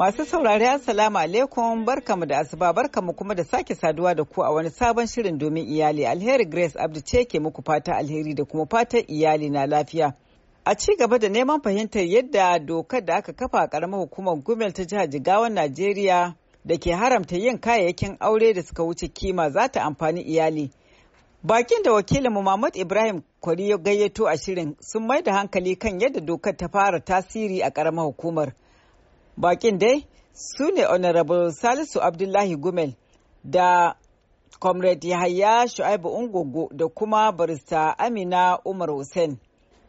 Masu saurari Assalamu alaikum barkamu da asuba barkamu kuma da sake saduwa da ku a wani sabon shirin domin iyali alheri Grace Abdu ce ke muku fata alheri da kuma fatan iyali na lafiya. A ci gaba da neman fahimtar yadda dokar da aka kafa a karamar hukumar Gumel ta jihar Jigawan Najeriya da ke haramta yin kayayyakin aure da suka wuce kima za ta amfani iyali. Bakin da wakilin Mahmud Ibrahim Kwari ya gayyato a shirin sun mai da hankali kan yadda dokar ta fara tasiri a karamar hukumar. Bakin dai su ne Honorable Salisu Abdullahi Gumel da Comrade Yahaya Shu'aibu Ungogo da kuma barista Amina Umar Hussein.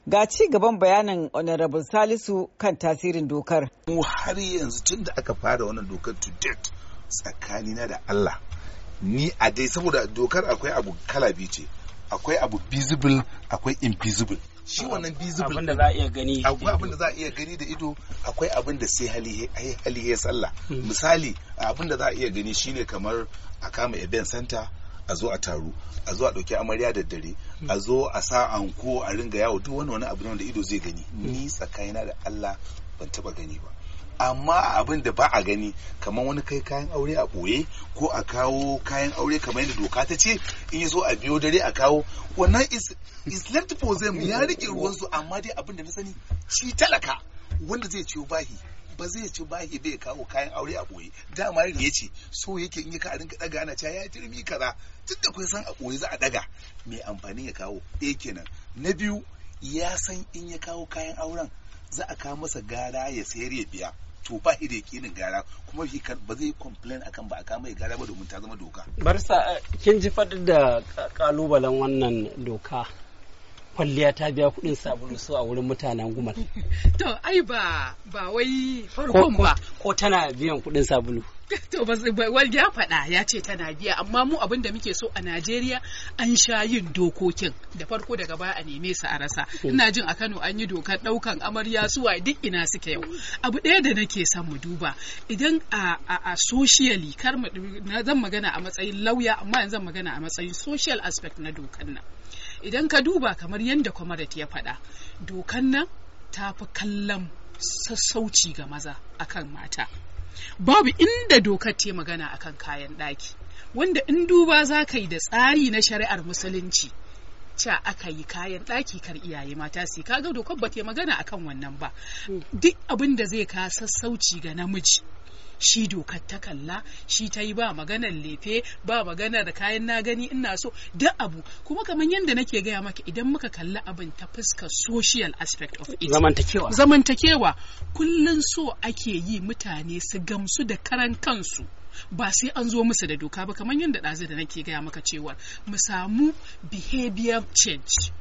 Ga ci gaban bayanin Honorable Salisu kan tasirin dokar. Mu har yanzu tun da aka fara wannan dokar to date tsakanina da Allah. Ni a dai saboda dokar akwai abu kala biyu ce. Akwai abu visible akwai invisible. shi wannan visible abin za a iya gani akwai abin da za a iya gani da ido akwai abin da sai hali ya sallah hmm. misali abinda za a iya gani shine kamar a kama event center a zo a taru a zo a ɗauki amarya da dare hmm. a zo a sa anko a ringa yawo duk wani wani abu da ido zai gani ni hmm. tsakanina da Allah ban taba gani ba amma a abin da ba a gani kamar wani kai kayan aure a ɓoye ko a kawo kayan aure kamar yadda doka ta ce in ya so a biyo dare a kawo wannan is left ya rike ruwansu amma dai abin da na sani shi talaka wanda zai ciwo bahi ba zai ci bahi bai kawo kayan aure a ɓoye dama ya ce so yake in yi ka rinka daga ana cewa ya turmi kaza duk da kun san a ɓoye za a daga mai amfani ya kawo ɗaya eh kenan na biyu ya san in ya kawo kayan auren za a kawo masa gara ya sayar ya biya to ba shi da yakinin gara kuma shi ba zai complain akan ba a kama ya gara ba domin ta zama doka barsa kin ji faɗi da kalubalen wannan doka kwalliya ta biya kuɗin sabulu su a wurin mutanen gumal. To ai ba ba wai farkon ba. Ko tana biyan kuɗin sabulu. To wal ya faɗa ya ce tana biya amma mu abin da muke so a Najeriya an sha yin dokokin da farko daga baya a neme su a rasa. Hmm. Ina jin a Kano an yi dokar ɗaukan amarya suwa duk ina suke yau. Abu ɗaya da nake son mu duba idan a socially kar mu zan magana a matsayin lauya amma yanzu magana a matsayin social aspect na dokan nan. idan ka duba kamar yadda kwamarat ya faɗa dokan nan ta fi kallon sassauci ga maza akan mata babu inda dokar ce magana akan kayan ɗaki wanda in duba za ka yi da tsari na shari'ar musulunci ca aka yi kayan ɗaki kar iyaye mata su kaga dokar ba ta magana akan wannan ba hmm. duk abin da zai ka sassauci ga namiji shi dokar ta kalla shi ta yi ba maganar lefe ba maganar kayan na gani ina so da abu kuma kamar yadda nake gaya maka idan muka kalli abin ta fuska social aspect of it zamantakewa zamantakewa kullun so ake yi mutane su gamsu da karan kansu ba sai an zo musu da doka ba kamar yadda ɗazu da nake gaya maka cewa mu samu behavior change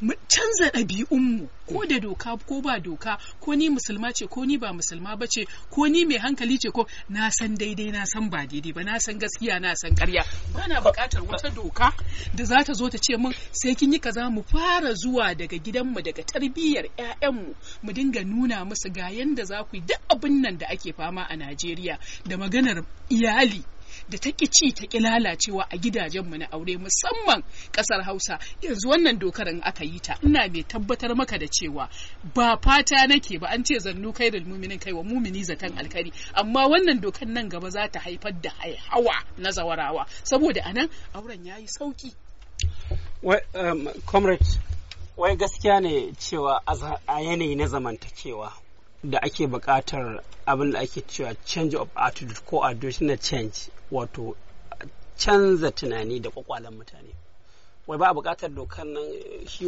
mu canza ɗabi'unmu ko da doka ko ba doka ko ni musulma ce ko ni ba musulma ba ce ko ni mai hankali ce ko na san daidai na san ba daidai ba na san gaskiya na san karya ba na buƙatar wata doka da za ta zo ta ce min sai kin yi kaza mu fara zuwa daga gidanmu daga tarbiyyar 'ya'yanmu mu dinga nuna musu ga yanda za ku yi duk abin nan da ake fama a Najeriya da maganar iyali da ta ƙi ci ta ki lalacewa a gidajenmu na aure musamman ƙasar hausa yanzu wannan dokar in aka yi ta ina mai tabbatar maka da cewa ba fata nake ba an ce zannu kai da muminin kai wa mumini zaton alkari amma wannan dokar nan gaba za ta haifar da hawa na zawarawa saboda anan auren ya yi sauki um, comrade wai gaskiya ne cewa a yanayi na zamantakewa da ake bukatar abin da ake cewa change of attitude ko na change wato canza tunani da kwakwalen mutane wai ba a bukatar dokar nan shi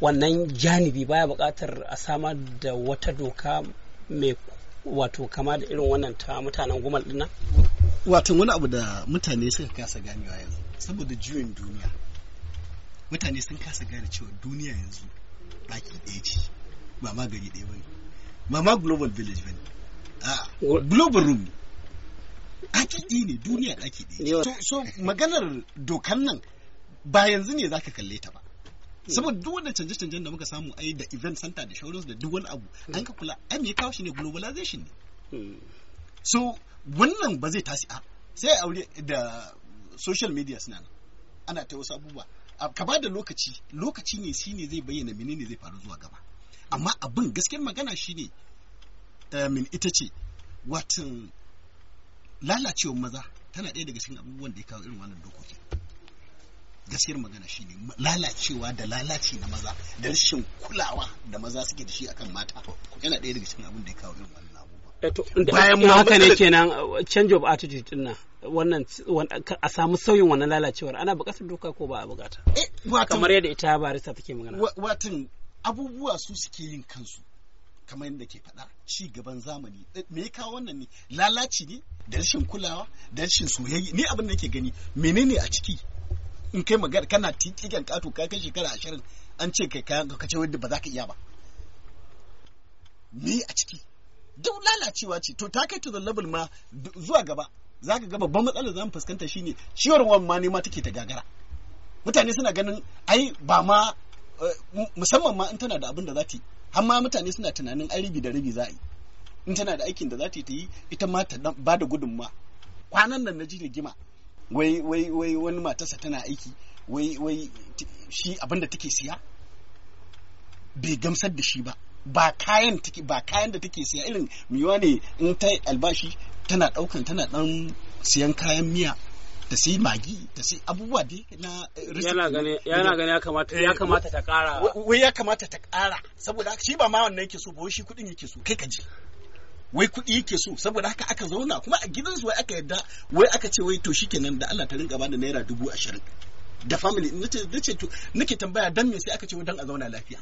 wannan janibi ba ya bukatar a samar da wata doka mai wato kama da irin wannan ta mutanen gumal dinnan wato wani abu da mutane suka kasa ganewa yanzu saboda juyin duniya mutane sun kasa gane cewa duniya yanzu baki ɗaya ce ba ma gari ɗaya ba ne ba global village ba ne ah, global room ne ne duniya akidi ne so maganar dokan nan ba yanzu ne zaka kalle ta ba hmm. saboda duk wanda canje-canjen da muka samu ai da event center da showrooms da duk wani abu hmm. an ka kula ai me kawo shi ne globalization ne hmm. so wannan ba zai tasi a sai aure da social media suna nan ana ta wasu abubuwa ka ba da lokaci lokaci ne shine zai bayyana menene zai faru zuwa gaba amma abin gaskiyar magana shine min ita ce watan lalacewar maza tana ɗaya daga cikin abubuwan da ya kawo irin wannan dokoki gaskiyar magana shine lalacewa da lalaci na maza da rashin kulawa da maza suke da shi akan mata yana ɗaya daga cikin abin da ya kawo irin wannan abubuwa eh, bayan mu haka ne kenan change of attitude din nan wannan a samu sauyin wannan lalacewar ana bukatar doka ko ba a bukata eh, kamar yadda ita barista take magana watan abubuwa su suke yin kansu kamar yadda ke faɗa ci gaban zamani eh, me ya kawo wannan ne lalaci ne da rashin kulawa da rashin soyayya ni abin da nake gani menene a ciki in kai magana kana tikikan kato kai kai shekara ashirin an ce kai kayan ka ce wanda ba za ka iya ba me a ciki duk lalacewa ce to ta kai to the level ma zuwa gaba za ka ga babban matsalar zamu fuskanta shine ciwon ma ne ma take ta gagara mutane suna ganin ai ba ma musamman ma in tana da abin da za ta yi har ma mutane suna tunanin an ribi da ribi za a yi in tana da aikin da za ta yi ita ma ta ba da gudunma kwanan nan na ji rigima wai wai wai wani matarsa tana aiki wai wai shi abin da take siya bai gamsar da shi ba ba kayan take ba kayan da take siya irin miwa ne in ta albashi tana daukan tana dan siyan kayan miya ta sai magi ta sai abubuwa dai na eh, yana gani yana gani ya kamata ya eh, kamata ta kara wai ya kamata ta kara saboda shi ba ma wannan yake so ba shi kudin yake so kai ka je wai kudi yake so saboda haka aka zauna kuma a gidan su wai aka yadda wai aka ce wai to shikenan da Allah ta rinka bani naira dubu ashirin da family nace to nake tambaya dan me sai aka ce wai dan a zauna lafiya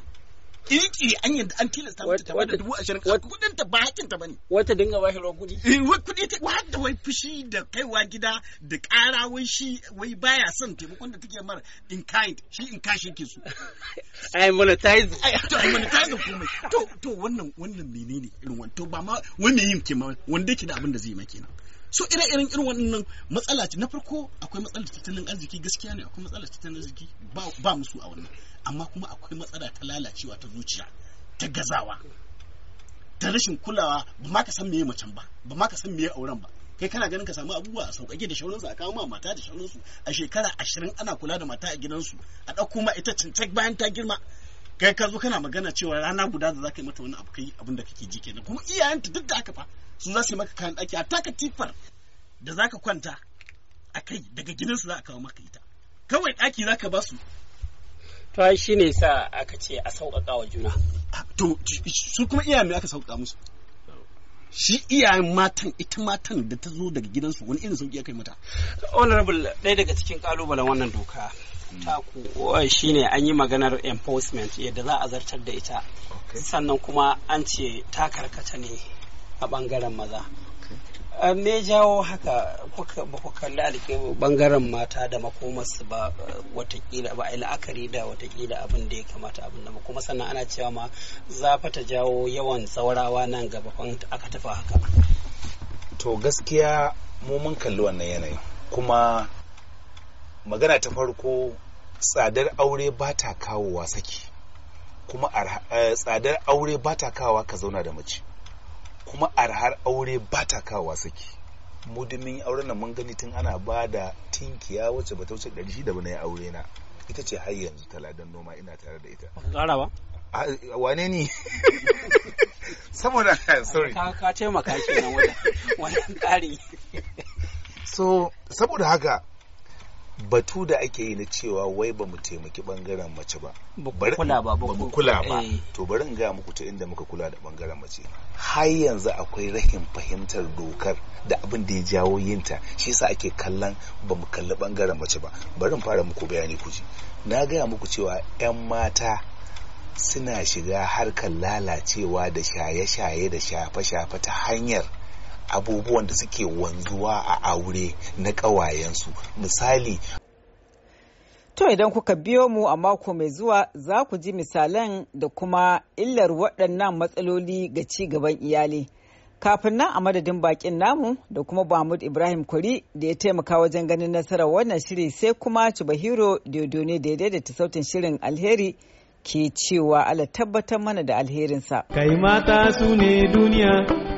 kirkiri an yadda an tilasta mata ta wadda dubu ashirin kudin ta ba hakin ta bane wata dinga ba ruwan kudi eh wai kudi ta da wai fushi da kaiwa gida da ƙara wai shi wai baya son taimakon da take mara in kind shi in kashi yake su ai monetize ai to ai monetize komai to to wannan wannan menene irin wannan to ba ma wani me yin ke ma wanda yake da abin da zai yi ma kenan so ire-iren irin wannan matsala na farko akwai matsalar tattalin arziki gaskiya ne akwai matsalar tattalin arziki ba musu a wannan amma kuma akwai matsala ta lalacewa ta zuciya ta gazawa ta rashin kulawa ba ma ka san meye macen ba ba ma ka san meye auren ba kai kana ganin ka samu abubuwa a sauƙaƙe da shauransu a kawo ma mata da shauransu a shekara ashirin ana kula da mata a gidansu a ɗauko ma ita cincek bayan ta girma kai ka zo kana magana cewa rana guda da zaka yi mata wani abu kai abin da kake ji kenan kuma iyayenta duk da haka fa su za su yi maka kayan daki a taka tifar da zaka kwanta a kai daga gidansu za a kawo maka ita kawai daki zaka ba su to shi ne sa aka ce a sauƙaƙa wa juna ah, to su kuma iyayen me aka sauƙaƙa musu shi iyayen matan ita matan da ta zo daga gidansu wani irin sauƙi aka yi mata honorable ɗaya daga cikin ƙalubalen wannan doka taku shine an yi maganar enforcement yadda za a zartar da ita sannan kuma an ce ta karkata ne a bangaren maza uh, me jawo haka ba ku kalli bangaren mata da makomarsu ba uh, watakila ba a la'akari da watakila abin da ya kamata abin da kuma sannan ana cewa ma za fa ta jawo yawan saurawa nan gaba aka tafa haka to gaskiya mu mun kalli wannan yanayi kuma magana ta farko tsadar aure ba ta kawowa saki kuma eh, tsadar aure ba ta kawowa ka zauna da mace kuma arhar aure ba ta kawowa saki mudumin auren nan mun gani tun ana ba da tinkiya wacce ba ta wuce ɗari shida ba na aure na ita ce har yanzu taladan noma ina tare da ita ƙara ba wane ne saboda sorry ka taimaka kenan wajen ƙari so saboda haka batu da ake yi na cewa wai ba mu taimaki bangaren mace ba ba mu kula ba eh. to bari in gaya muku ta inda muka kula da bangaren mace har yanzu akwai rahin fahimtar dokar da abin da ya jawo yinta shi yasa ake kallon ba mu kalli bangaren mace ba bari in fara muku bayani kuji na gaya muku cewa yan mata suna shiga harkar lalacewa da shaye-shaye da shafe-shafe ta hanyar abubuwan da suke wanzuwa a aure na ƙawayensu misali To idan kuka biyo mu a mako mai zuwa za ku ji misalan da kuma illar waɗannan matsaloli ga ci gaban iyali. Kafin nan a madadin bakin namu da kuma bamud Ibrahim Kuri da ya taimaka wajen ganin nasarar wannan shiri sai kuma Chubahiro daidai da ya sautin shirin alheri ke cewa ala tabbatar mana da alherinsa. Kai mata su ne duniya